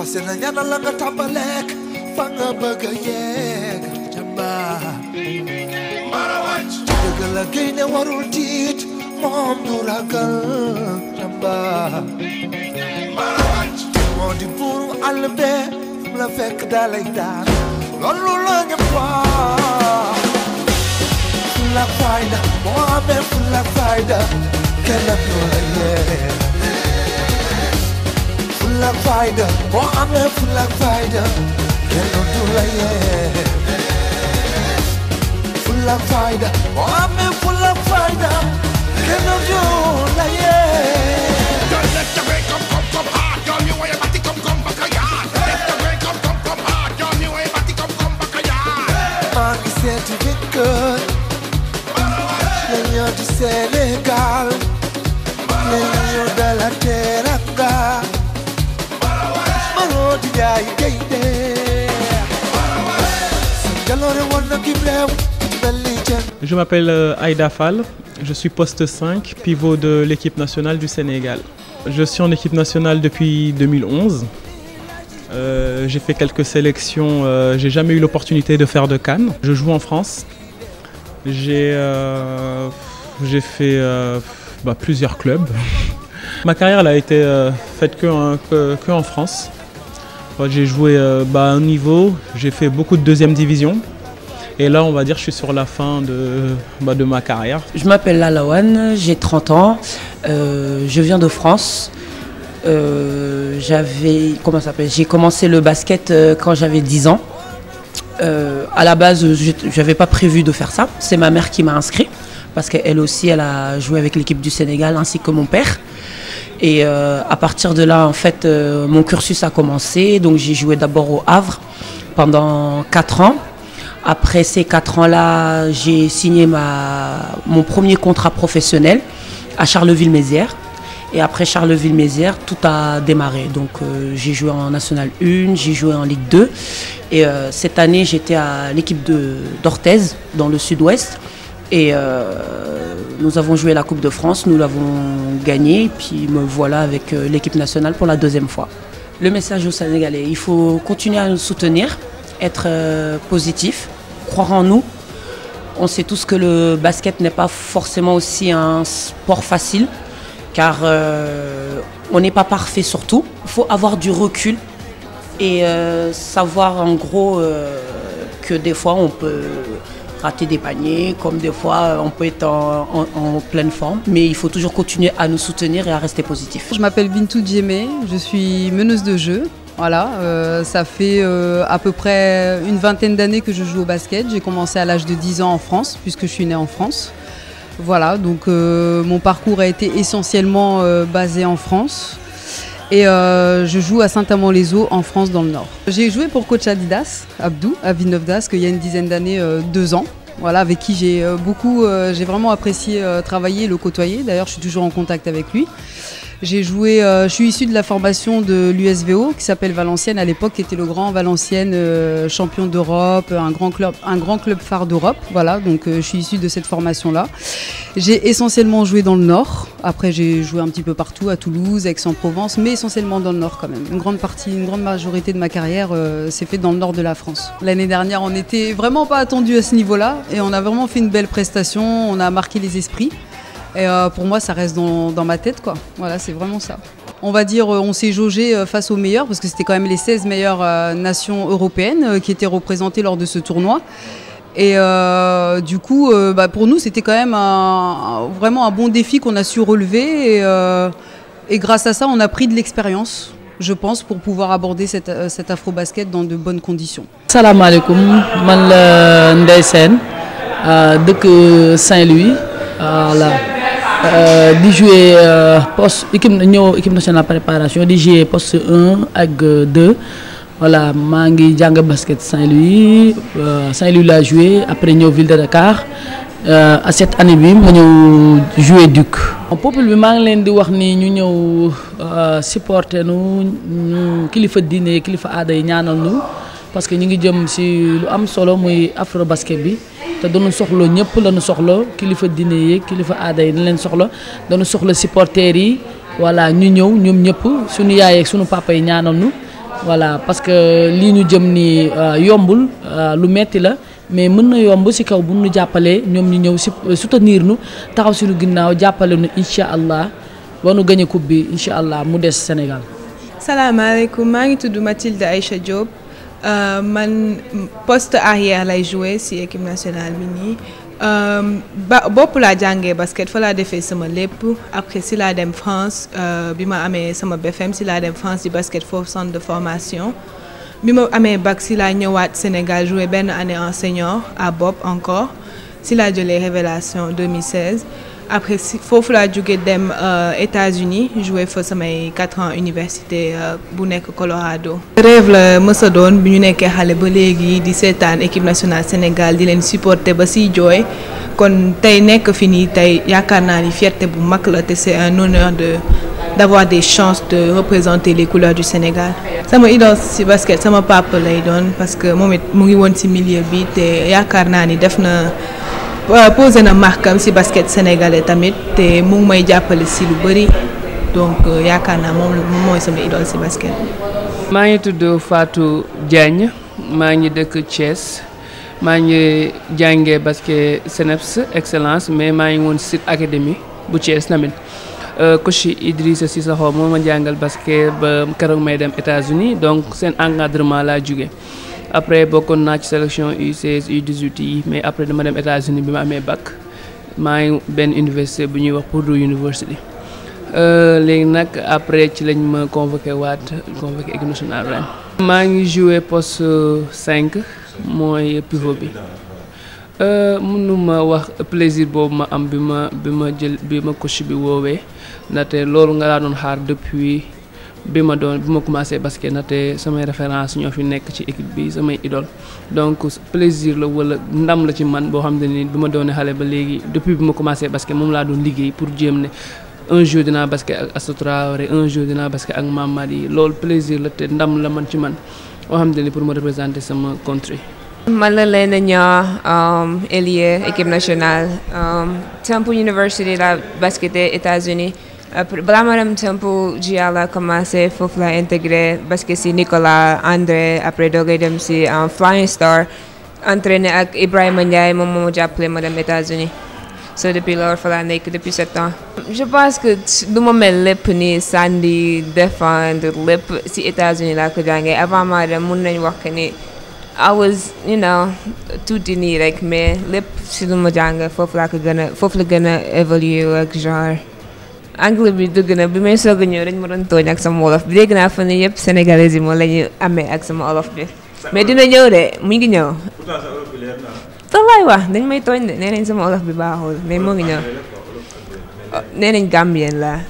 fas yéene ñaanal la nga tàmbaleek fa nga bëgg a yegg jàmbaar. mara wàcc. dëgg la gaynde warul tiit moom du ragal jàmbaar. mara wàcc. moo di buuru àll bee fu la fekk dalay daan loolu la ñëpp wax. fula fayda moo amee fula fayda kenn du la yee. fulla fayda boo amee fulla fayda kenn du la yee fulla fayda boo amee fulla fayda kenn du la yee dolle tabe kom kom kom haa doom yi waye bati kom kom baka yaa dolle tabe kom kom kom haa doom yi waye bati kom kom baka yaa maa ngi seeti dëkk la ñoo di Sénégal Njaay gaynde Je m'appelle euh, Aïda Fall, je suis poste pivot de l'équipe nationale du Sénégal. Je suis en équipe nationale depuis euh, j'ai fait quelques sélections, euh, j'ai jamais eu l'opportunité de faire de Cannes. Je joue en France. J'ai euh, fait euh, bah, plusieurs clubs. Ma carrière elle été faite que France. j'ai joué euh, bah, à un niveau, j'ai fait beaucoup de deuxième division. Et là, on va dire, je suis sur la fin de, bah, de ma carrière. Je m'appelle Lalawan, j'ai 30 ans, euh, je viens de France. Euh, j'avais, comment s'appelle J'ai commencé le basket euh, quand j'avais 10 ans. Euh, à la base, j'avais pas prévu de faire ça. C'est ma mère qui m'a inscrit parce qu'elle aussi, elle a joué avec l'équipe du Sénégal ainsi que mon père. Et euh, à partir de là, en fait, euh, mon cursus a commencé. Donc j'ai joué d'abord au Havre pendant 4 ans. Après ces 4 ans-là, j'ai signé ma, mon premier contrat professionnel à Charleville-Mézières. Et après Charleville-Mézières, tout a démarré. Donc euh, j'ai joué en National 1, j'ai joué en Ligue 2. Et euh, cette année, j'étais à l'équipe d'Orthez, dans le sud-ouest. Et euh, nous avons joué la Coupe de France, nous l'avons gagnée, et puis me voilà avec euh, l'équipe nationale pour la deuxième fois. Le message aux Sénégalais, il faut continuer à nous soutenir, être euh, positif, croire en nous. On sait tous que le basket n'est pas forcément aussi un sport facile, car euh, on n'est pas parfait surtout. Il faut avoir du recul et euh, savoir en gros euh, que des fois on peut rater des paniers, comme des fois euh, on peut être en, en, en pleine forme. Mais il faut toujours continuer à nous soutenir et à rester positif. Je m'appelle Bintou Djemé, je suis meneuse de jeu. Voilà, euh, ça fait euh, à peu près une vingtaine d'années que je joue au basket. J'ai commencé à l'âge de 10 ans en France, puisque je suis née en France. Voilà, donc euh, mon parcours a été essentiellement euh, basé en France. Et euh, je joue à Saint-Amand-les-Eaux en France, dans le Nord. J'ai joué pour coach Adidas, Abdou, à Villeneuve d'Ascq, il y a une dizaine d'années, euh, deux ans. Voilà, avec qui j'ai euh, beaucoup, euh, j'ai vraiment apprécié euh, travailler, le côtoyer. D'ailleurs, je suis toujours en contact avec lui. J'ai joué, euh, je suis issu de la formation de l'USVO qui s'appelle Valenciennes à l'époque, qui était le grand Valenciennes euh, champion d'Europe, un grand club, phare d'Europe. donc euh, je suis issu de cette formation-là. J'ai essentiellement joué dans le Nord. Après, j'ai joué un petit peu partout, à Toulouse, Aix-en-Provence, mais essentiellement dans le Nord quand même. Une grande partie, une grande majorité de ma carrière euh, s'est faite dans le Nord de la France. L'année dernière, on Euh, pour moi, ça reste dans, ma tête, quoi. Voilà, c'est vraiment ça. On va dire, euh, on s'est jaugé euh, face aux meilleurs, parce que c'était quand même les 16 meilleures nations européennes qui étaient représentées lors de ce tournoi. Et du coup, pour nous, c'était quand même un, bon défi qu'on a su relever. Et, grâce à ça, on a pris de l'expérience, je pense, pour pouvoir aborder cette, cet afro-basket dans de bonnes conditions. Salam alaikum, man la Saint-Louis. Euh, di jouer euh, poste équipe ñëw équipe nationale préparation di jouer poste un ak deux maa ngi jàng basket Saint-Louis euh, Saint-Louis laa joué après ñëw ville de Dakar à cette année bi ma ñëw joué Duc. peuple bi maa ngi leen di wax ni ñu ñëw supporter nu ñu kilifa diine kilifa aada yi ñaanal nu parce que ñu ngi jëm ci lu am solo muy afro basket bi. te dañu soxla ñëpp lañu soxla kilifa diine yi kilifa aada yi dañ leen soxla dañu soxla supporters yi voilà ñu ñëw ñoom ñëpp suñu yaay ak suñu papa yi ñaanal ñu voilà parce que lii ñu jëm ni euh, yombul euh, lu metti la mais mën na yomb ci kaw bu ñu jàppalee ñoom ñu ñëw si euh, soutenir nu taxaw suñu ginnaaw jàppale nu incha allah ba nu gañe coupe bi allah mu des Sénégal. salaamaaleykum maa ngi tudd Mathilde Aïcha Diop. Euh, man poste arrière lay joué si équipe nationale bi nii euh, ba bopp laa jàngee basket fa laa defee sama lépp après si laa dem France euh, bi ma amee sama BFM si laa dem France di basket foofu centre de formation bi ma amee bac si laa ñëwaat Sénégal joué benn année en senior à bopp encore si laa jëlee Révélation 2016. après si foofu laa jóge dem euh, États-Unis joué fa samay quatre ans université euh, bu nekk Colorado. rêve la mësa doon bi ñu nekkee xale ba léegi di seetaan équipe nationale Sénégal di leen supporter ba siy jooy kon tey nekk fi nii tey yaakaar naa ni fierté bu mag la te c'est un honneur de d'avoir des chances de représenter les couleurs du Sénégal. sama idole si basket sama papa lay doon parce que moom it mu ngi woon si milieu bi te yaakaar naa ni def na. Euh, posé na markam ci basket sénégalais tamit te mu ngi may jàppale ci lu bari donc euh, yaakaar naa moom mooy sama idole ci basket. maa ngi tudd faatu Diagne maa ngi dëkk Thiès maa ngi jànge basket CNEPS excellence mais maa ngi woon site académie bu Thiès tamit euh, coach Idrissa Sissoko moo ma jàngal basket ba keroog may dem États-Unis donc seen encadrement laa jóge après bokkoon naa ci sélection U16 U18 yi mais après dama dem États-Unis bi ma amee bac maa ngi benn université bu ñuy wax Purdue University euh, léegi nag après ci lañ ma convoqué waat convoqué équipe national ren. maa ngi joué poste 5 mooy pivot bi euh, mënuma wax plaisir boobu ma am bi ma bi ma jël bi ma coach bi woowee ndaxte loolu nga laa doon xaar depuis. bi ma doon bi ma commencé basket na te samay référence ñoo fi nekk ci équipe bi samay idole donc plaisir la wala ndam la ci man boo xam ne ni bi ma doonee xale ba léegi depuis ma commencé basket moom laa doon liggéey pour jéem ne un jour dinaa basket ak Astou Traoré loolu plaisir la te ndam la man ci man boo xam ne ni pour ma représenter sama country Malalena Nya, um, Elie, équipe nationale. Um, Temple University, la basket États-Unis. Euh, balaa ma dem sampu GIA la commencé foofu la intégré basket si Nicolas André après doogay dem si euh, Flying Star entraîné ak Ibrahima Ndiaye moom moo jàppale ma dem États-Unis so depuis loolu fa laa nekk depuis sept ans. je pense que du ma mel lépp ni Sandi défendre lépp si États-Unis laa ko jàngee avant ma dem mun nañu wax que ni I was you nii rek mais lépp si lu ma jàng foofu laa ko gën a foofu la gën a évoluer ak genre. anglais bi dugg na bi may soog a ñëw dañ ma doon tooñ ak sama wolof bi dégg naa fa ni yëpp sénégalais yi moom la ñuy amee ak sama olof bi mais dina ñëw de mu ngi ñëw. pourtant wax dañ may tooñ de nee sama wolof bi baaxul mais moo ngi ñëw. nee nañ gambien la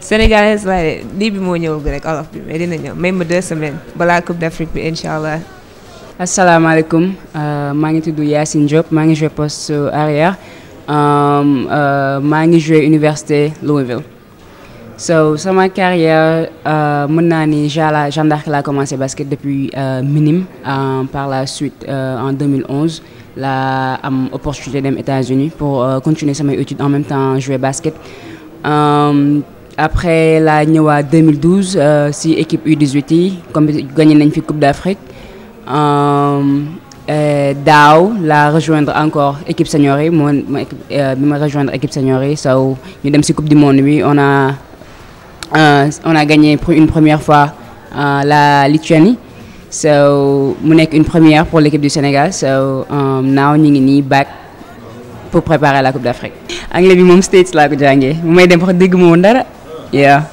sénégalais laa lii bi moo ñëwul rek wolof bi mais dina ñëw même deux semaines balaa coupe d'Afrique bi incha allah. asalaamaaleykum euh, maa ngi tudd Yacine Diop maa ngi joué poste arrière. Um, uh, maa ngi joué université Louisville so sama carrière uh, mën naa ni jala Jeanne d'Arc laa commencé basket depuis uh, minime um, par la suite en 2011 laa am opportunité dem États-Unis pour continuer samay études en même temps jouer basket um, après laa ñëwaat 2012 si équipe U18 yi comme gagné nañ fi Coupe d'Afrique Euh, daaw la rejoindre encore équipe senior yi moo euh, ma rejoindre équipe senior yi so ñu dem si coupe du monde bi on a euh, on a gagné une première fois la Lituanie so mu nekk une première pour l'équipe du Sénégal so um, naaw ñu ngi nii back pour préparer la coupe d'Afrique anglais bi moom States laa ko jàngee bu may dem wax dégg moom dara yeah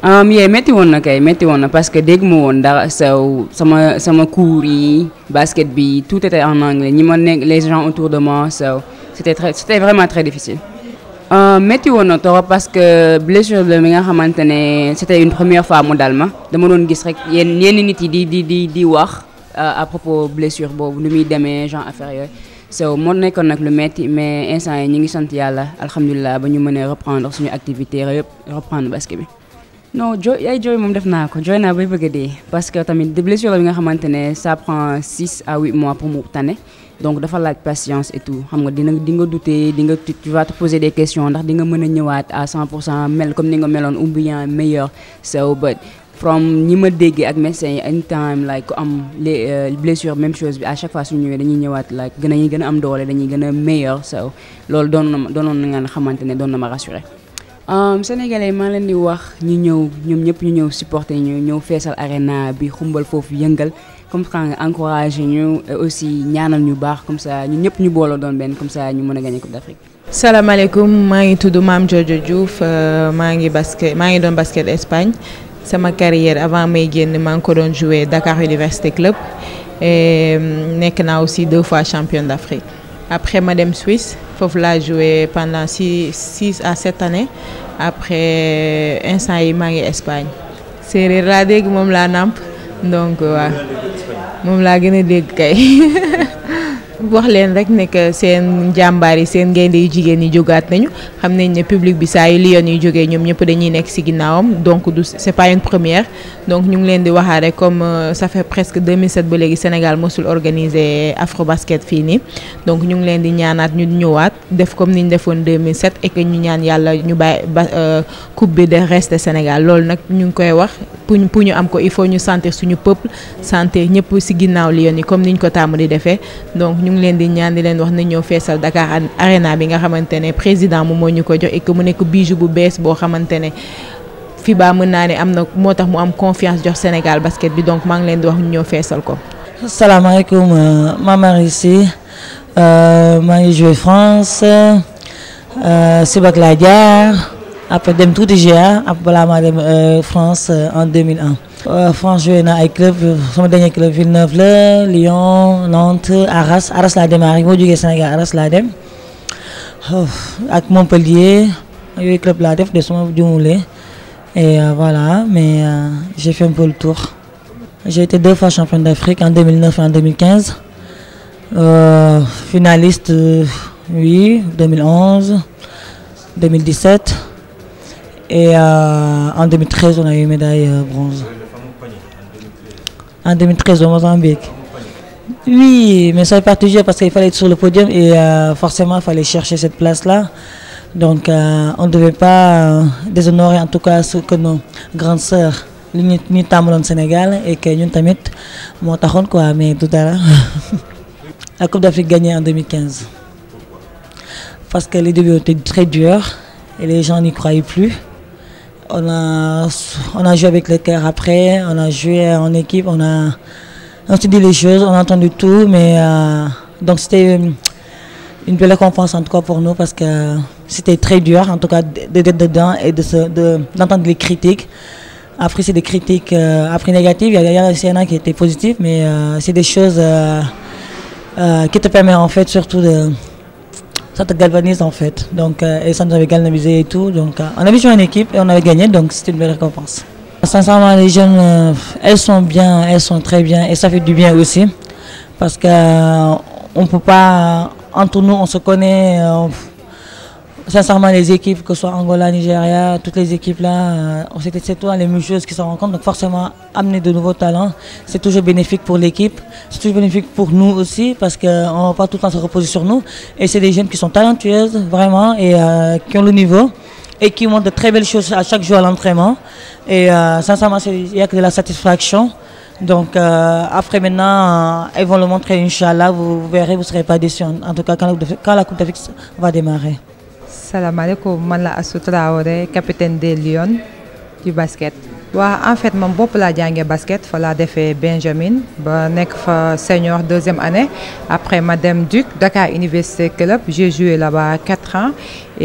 Um, yee métti woon na kay métti woon na parce que dégg ma woon dara saw sama sama cours yi basket bi tout était en anglais ñi ma nekk les gens autour de moi saw c'était très c'était vraiment très difficile. métti um, woon na trop parce que blessure la mi nga xamante ne c'était une première fois mu dal ma dama doon gis rek yenn yenn nit yi di di di di wax euh, à propos blessure boobu nu muy demee genre affaire yooyu. so moo nekkoon nag lu metti mais instant yi ñu ngi sant yàlla alhamdulilah ba ñu mënee reprendre suñu activité yëpp reprendre basket bi. non jo ay jooy moom def naa ko jooy naa bay bëgg dee parce que tamit de blessure bi nga xamante ne ça prend six à huit mois pour mu tane donc dafa laaj patience et tout xam nga dina di nga douter di nga tu vas des questions ndax di nga mën a ñëwaat à cent pour cent mel comme ni nga meloon ou bien meilleur so but from ñi ma déggee ak médecin yi anytime like ku am les euh, blessures même chose bi à chaque fois suñu ñëwee dañuy ñëwaat like gën a ñuy gën a am doole dañuy gën a meilleur loolu doon na ma doonoon na xamante ne doon na ma rassuré Euh, sénégalais maa leen di wax ñu ñëw ñoom ñëpp ñu ñëw supporter ñu ñëw feesal arena bi xumbal foofu yëngal comme ça nga encouragé ñu aussi ñaanal ñu baax comme ça ñu ñëpp ñu booloo doon benn comme ça ñu mën a gagné Coupe d'Afrique. salaamaaleykum maa ngi tudd Mame Jojo Diouf euh, maa ngi basket maa ngi doon basket Espagne sama carrière avant may génn maa ngi ko doon joué Dakar Université Club euh, nekk naa aussi deux fois championne d'Afrique après ma dem Suisse. foofu laa joué pendant six six à sept années après instant yi maa ngi Espagne séeréer laa dégg moom laa nàmp donc waaw moom laa gën a dégg kay wax leen rek ne que seen jàmbaar yi seen gaynde yu jigéen yi jógaat nañu xam nañ ne public bi saa yu Lions yi jógee ñoom ñëpp dañuy nekk ci ginnaawam donc du c'est pas ñu ngi leen di waxaat rek comme euh, ça fait presque 2007 ba léegi Sénégal mosul organiser Afrobasket fii nii donc ñu ngi leen di ñaanaat ñu ñëwaat def comme ni ñu defoon 2007 et que ñu ñaan yàlla ñu bàyyi ba euh, coupe bi de loolu nag ñu ngi koy wax pour pour ñu am ko il faut ñu santé suñu peuple santé ñëpp ci ginnaaw Lions yi comme niñ ko tàmm di defee ñu ngi leen di ñaan di leen wax na ñoo feesal Dakar Arena bi nga xamante ne président mu moo ñu ko jox et que mu nekk bijou bu bees boo xamante ne FIBA mën naa ne am na moo tax mu am confiance jox Sénégal basket bi donc maa ngi leen di wax ñu ñoo feesal ko. salaamaaleykum euh, ma Marie si euh, maa ngi joué France euh, Sibac laa jaar après dem tuuti GA après balaa maa dem France en Euh, France joué naa ay club sama dernier club Villeneuve la Lyon Nantes Arras Arras laa démarré boo jógee Sénégal Arras laa dem ak Montpellier yooyu club laa def de suma jumulee et euh, voilà mais euh, j'ai fait un peu le tour j'ai été deux fois championne d'Afrique en 2009 et en 2015 euh, finaliste oui 2011 2017 et euh, en 2013 on a eu médaille bronze en 2013 au Mozambique. Oui, mais ça n'est pas toujours parce qu'il fallait être sur le podium et euh, fallait chercher cette place-là. Donc euh, on ne devait pas euh, déshonorer en tout cas ce que nos grandes li nous sommes au Sénégal et que nous tamit moo taxoon quoi mais du dara. La Coupe d'Afrique gagnée en 2015. Parce que les débuts étaient très durs et les gens n'y croyaient plus. on a, on a joué avec le cœur après, on a joué en équipe, on a, on s'est dit les choses, on a entendu tout, mais euh, donc c'était une, une belle confiance en tout cas pour nous parce que c'était très dur en tout cas d'être dedans et d'entendre de d'entendre de, les critiques. Après c'est des critiques euh, après négatives, il y, a, il y a aussi un qui était positif, mais euh, c'est des choses euh, euh, qui te permettent en fait surtout de ça te galvanise en fait. Donc, euh, et ça nous avait galvanisé et tout. Donc, euh, on avait joué en équipe et on avait gagné, donc c'était une belle récompense. Sincèrement, les jeunes, euh, elles sont bien, elles sont très bien et ça fait du bien aussi. Parce qu'on euh, on ne peut pas, entre nous, on se connaît. Euh, on, sincèrement, les équipes, que ce soit Angola, Nigeria, toutes les équipes là, euh, on sait c'est toi les mêmes choses qui se rencontrent. Donc forcément, amener de nouveaux talents, c'est toujours bénéfique pour l'équipe, c'est toujours bénéfique pour nous aussi parce qu'on euh, ne va pas tout le temps se reposer sur nous. Et c'est des jeunes qui sont talentueuses, vraiment, et euh, qui ont le niveau et qui montrent de très belles choses à chaque jour à l'entraînement. Et euh, sincèrement, il n'y a que de la satisfaction. Donc euh, après maintenant, euh, elles vont le montrer, Inch'Allah, vous, vous, verrez, vous ne serez pas déçus. En, en tout cas, quand la, quand la Coupe d'Afrique va démarrer. salaamaaleykum man la Astou Traoré capitaine des Lions du basket. waaw en fait moom bopp laa jàngee basket fa laa defee Benjamin ba nekk fa senior deuxième année après ma dem Duc Dakar Université Club j'ai joué là-bas quatre ans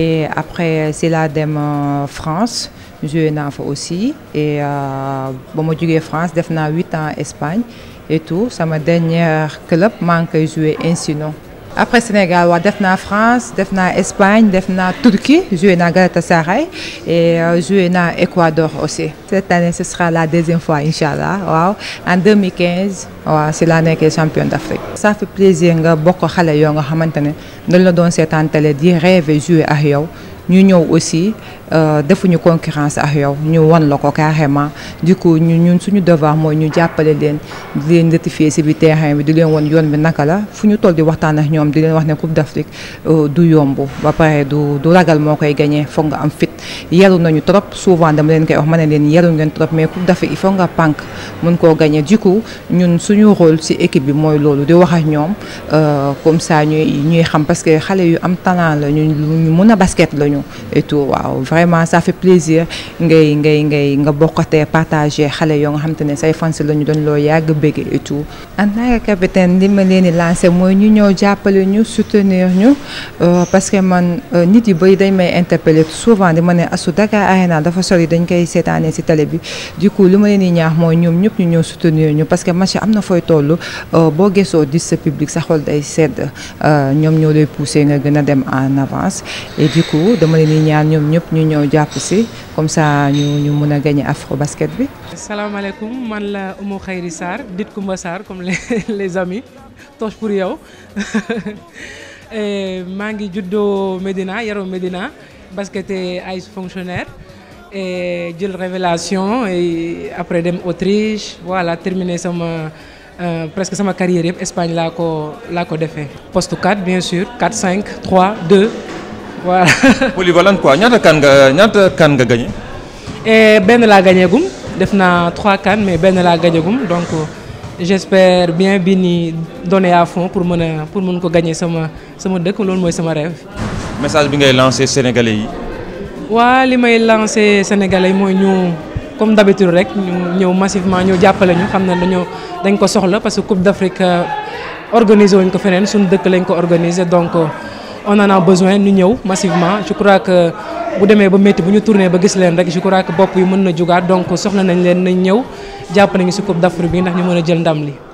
et après si la dem euh, France joué na fa aussi et euh, ba ma jugee France def naa huit ans Espagne et tout sama dernier club maa ngi koy joué Encino. après Sénégal waaw def naa France def naa Espagne def na Turquie joué naa Galatasaray et euh, joué naa Équador aussi. cette année ce sera la deuxième fois incha allah waaw en 2015 waaw si laa nekkee champion d'Afrique. ça fait plaisir nga bokk xale yoo nga xamante ne dañ la doon en télé di rêver jouer ak yow ñu ñëw aussi. Euh, defuñu concurrence ak yow ñu wan la ko carrément du coup ñu ñun suñu devoir mooy ñu jàppale leen di leen rectifier si bi terrain bi di leen wan yoon bi naka la fu ñu toll di waxtaan ak ñoom di leen wax ne Coupe d'Afrique euh, du yomb ba pare du du ragal moo koy gagné foog nga am fit yaru nañu trop souvent dama leen koy wax ma ne leen yaru ngeen trop mais Coupe d'Afrique il faut nga pànk mun koo gagné du coup ñun suñu rôle si équipe bi mooy loolu di wax ak ñoom euh, comme ça ñuy ñuy xam parce que xale yu am talent la ñu ñu a basket la vraiment ça fait plaisir ngay ngay ngay nga bokkatee partager xale yoo nga xam te ne say fans la ñu doon loo yàgg bëgg et tout. en tant que capitaine li ma leen di mooy ñu ñëw jàppale ñu soutenir ñu euh, parce que man euh, nit yu bëri dañ may interpeller souvent di ma ne asu Dakar Arena dafa sori dañ koy seetaanee si télé bi du li ma leen di ñaax mooy ñoom ñëpp ñu ñëw soutenir ñu parce que match am na fooy toll euh, boo gesoo di sa public sa xol day sedd ñoom ñoo lay poussé nga gën a dem en avance et du coup dama leen di ñoom ñëpp ñu ñëw jàpp si comme ça ñu mun a gagné afro basket bi. salaamaaleykum man la Oumou Khayri Sarr dit Kumba Sarr comme les les amis toche pour yow maa ngi juddoo médina yaroo Medina basketté ay fonctionnaire e jël révélation après dem Autriche voilà terminé sama. Euh, presque sama carrière yëpp Espagne laa ko laa ko defee bien sûr 4 5 3 2 voilà. polyvalente quoi ñaata kan nga ñaata kan nga gagné. Eh, benn laa gagné def naa trois kan mais benn laa gagné donc j'espère bien bi nii donné à fond pour mën a pour mën ko gañee sama sama dëkk loolu mooy sama rêve. message bi ngay lancé sénégalais yi. waa li may lancé sénégalais yi mooy ñu. comme d'habitude rek ñëw massivement ñëw jàppale ñu xam ne dañoo dañ ko soxla parce que Coupe d'Afrique euh, organisé wuñ ko feneen suñ dëkk lañ ko organisé donc on en a besoin ñu ñëw massivement je crois que bu demee ba métti bu ñu tourné ba gis leen rek je crois bopp yi mën na jugaat donc soxla nañ leen nañ ñëw jàpp nañu si Coupe d'Afrique bi ndax ñu mën a jël ndam li